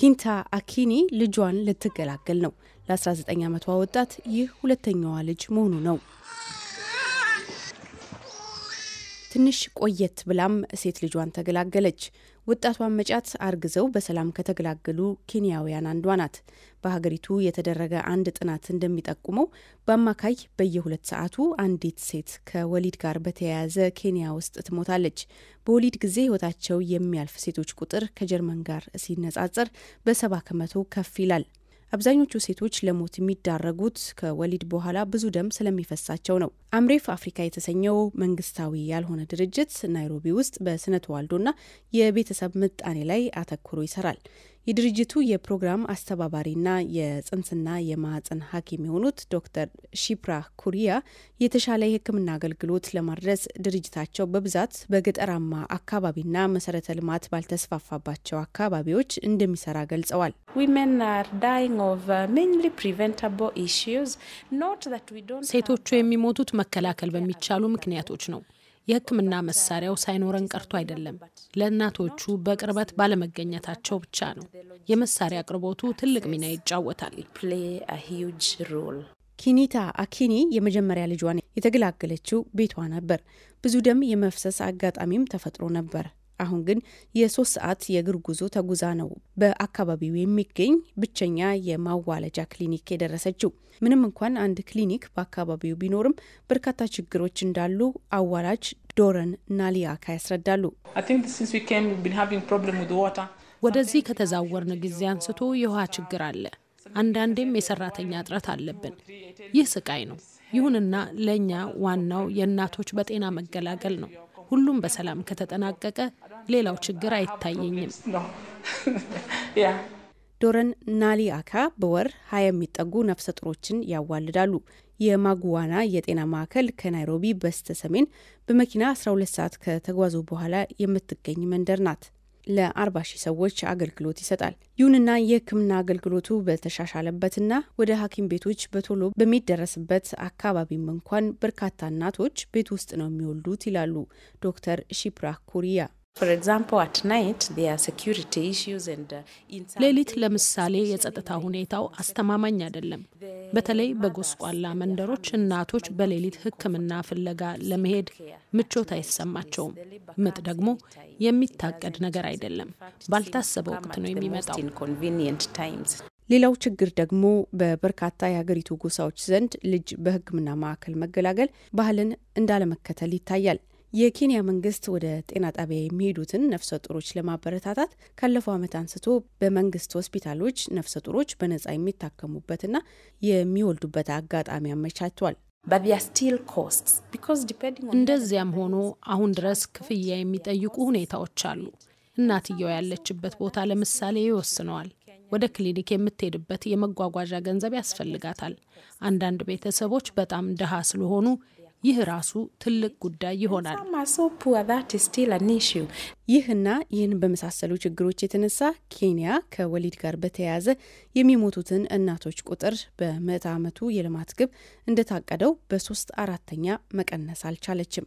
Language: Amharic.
ኪንታ አኪኒ ልጇን ልትገላገል ነው። ለ19 ዓመቷ ወጣት ይህ ሁለተኛዋ ልጅ መሆኑ ነው። ትንሽ ቆየት ብላም ሴት ልጇን ተገላገለች። ወጣቷ መጫት አርግዘው በሰላም ከተገላገሉ ኬንያውያን አንዷ ናት። በሀገሪቱ የተደረገ አንድ ጥናት እንደሚጠቁመው በአማካይ በየሁለት ሰዓቱ አንዲት ሴት ከወሊድ ጋር በተያያዘ ኬንያ ውስጥ ትሞታለች። በወሊድ ጊዜ ሕይወታቸው የሚያልፍ ሴቶች ቁጥር ከጀርመን ጋር ሲነጻጸር በሰባ ከመቶ ከፍ ይላል። አብዛኞቹ ሴቶች ለሞት የሚዳረጉት ከወሊድ በኋላ ብዙ ደም ስለሚፈሳቸው ነው። አምሬፍ አፍሪካ የተሰኘው መንግስታዊ ያልሆነ ድርጅት ናይሮቢ ውስጥ በስነ ተዋልዶና የቤተሰብ ምጣኔ ላይ አተኩሮ ይሰራል። የድርጅቱ የፕሮግራም አስተባባሪና የጽንስና የማህጽን ሐኪም የሆኑት ዶክተር ሺፕራ ኩሪያ የተሻለ የሕክምና አገልግሎት ለማድረስ ድርጅታቸው በብዛት በገጠራማ አካባቢና መሰረተ ልማት ባልተስፋፋባቸው አካባቢዎች እንደሚሰራ ገልጸዋል። uh, ሴቶቹ uh, የሚሞቱት መከላከል በሚቻሉ ምክንያቶች ነው። የሕክምና መሳሪያው ሳይኖረን ቀርቶ አይደለም፣ ለእናቶቹ በቅርበት ባለመገኘታቸው ብቻ ነው። የመሳሪያ አቅርቦቱ ትልቅ ሚና ይጫወታል። ኪኒታ አኪኒ የመጀመሪያ ልጇን የተገላገለችው ቤቷ ነበር። ብዙ ደም የመፍሰስ አጋጣሚም ተፈጥሮ ነበር። አሁን ግን የሶስት ሰዓት የእግር ጉዞ ተጉዛ ነው በአካባቢው የሚገኝ ብቸኛ የማዋለጃ ክሊኒክ የደረሰችው። ምንም እንኳን አንድ ክሊኒክ በአካባቢው ቢኖርም በርካታ ችግሮች እንዳሉ አዋላጅ ዶረን ናሊያካ ያስረዳሉ። ወደዚህ ከተዛወርን ጊዜ አንስቶ የውሃ ችግር አለ። አንዳንዴም የሰራተኛ እጥረት አለብን። ይህ ስቃይ ነው። ይሁንና ለእኛ ዋናው የእናቶች በጤና መገላገል ነው። ሁሉም በሰላም ከተጠናቀቀ ሌላው ችግር አይታየኝም። ዶረን አካ በወር ሀያ የሚጠጉ ነፍሰ ጡሮችን ያዋልዳሉ። የማጉዋና የጤና ማዕከል ከናይሮቢ በስተ ሰሜን በመኪና 12 ሰዓት ከተጓዙ በኋላ የምትገኝ መንደር ናት። ለ40 ሺህ ሰዎች አገልግሎት ይሰጣል። ይሁንና የሕክምና አገልግሎቱ በተሻሻለበትና ወደ ሐኪም ቤቶች በቶሎ በሚደረስበት አካባቢም እንኳን በርካታ እናቶች ቤት ውስጥ ነው የሚወልዱት ይላሉ ዶክተር ሺፕራ ኩሪያ። uh, ሌሊት ለምሳሌ የጸጥታ ሁኔታው አስተማማኝ አይደለም። በተለይ በጎስቋላ መንደሮች እናቶች በሌሊት ሕክምና ፍለጋ ለመሄድ ምቾት አይሰማቸውም። ምጥ ደግሞ የሚታቀድ ነገር አይደለም፣ ባልታሰበ ወቅት ነው የሚመጣው። ሌላው ችግር ደግሞ በበርካታ የሀገሪቱ ጎሳዎች ዘንድ ልጅ በሕክምና ማዕከል መገላገል ባህልን እንዳለመከተል ይታያል። የኬንያ መንግስት ወደ ጤና ጣቢያ የሚሄዱትን ነፍሰ ጡሮች ለማበረታታት ካለፈው ዓመት አንስቶ በመንግስት ሆስፒታሎች ነፍሰ ጡሮች በነጻ የሚታከሙበትና የሚወልዱበት አጋጣሚ አመቻችቷል። እንደዚያም ሆኖ አሁን ድረስ ክፍያ የሚጠይቁ ሁኔታዎች አሉ። እናትየው ያለችበት ቦታ ለምሳሌ ይወስነዋል። ወደ ክሊኒክ የምትሄድበት የመጓጓዣ ገንዘብ ያስፈልጋታል። አንዳንድ ቤተሰቦች በጣም ድሃ ስለሆኑ ይህ ራሱ ትልቅ ጉዳይ ይሆናል። ይህና ይህን በመሳሰሉ ችግሮች የተነሳ ኬንያ ከወሊድ ጋር በተያያዘ የሚሞቱትን እናቶች ቁጥር በምዕተ ዓመቱ የልማት ግብ እንደታቀደው በሶስት አራተኛ መቀነስ አልቻለችም።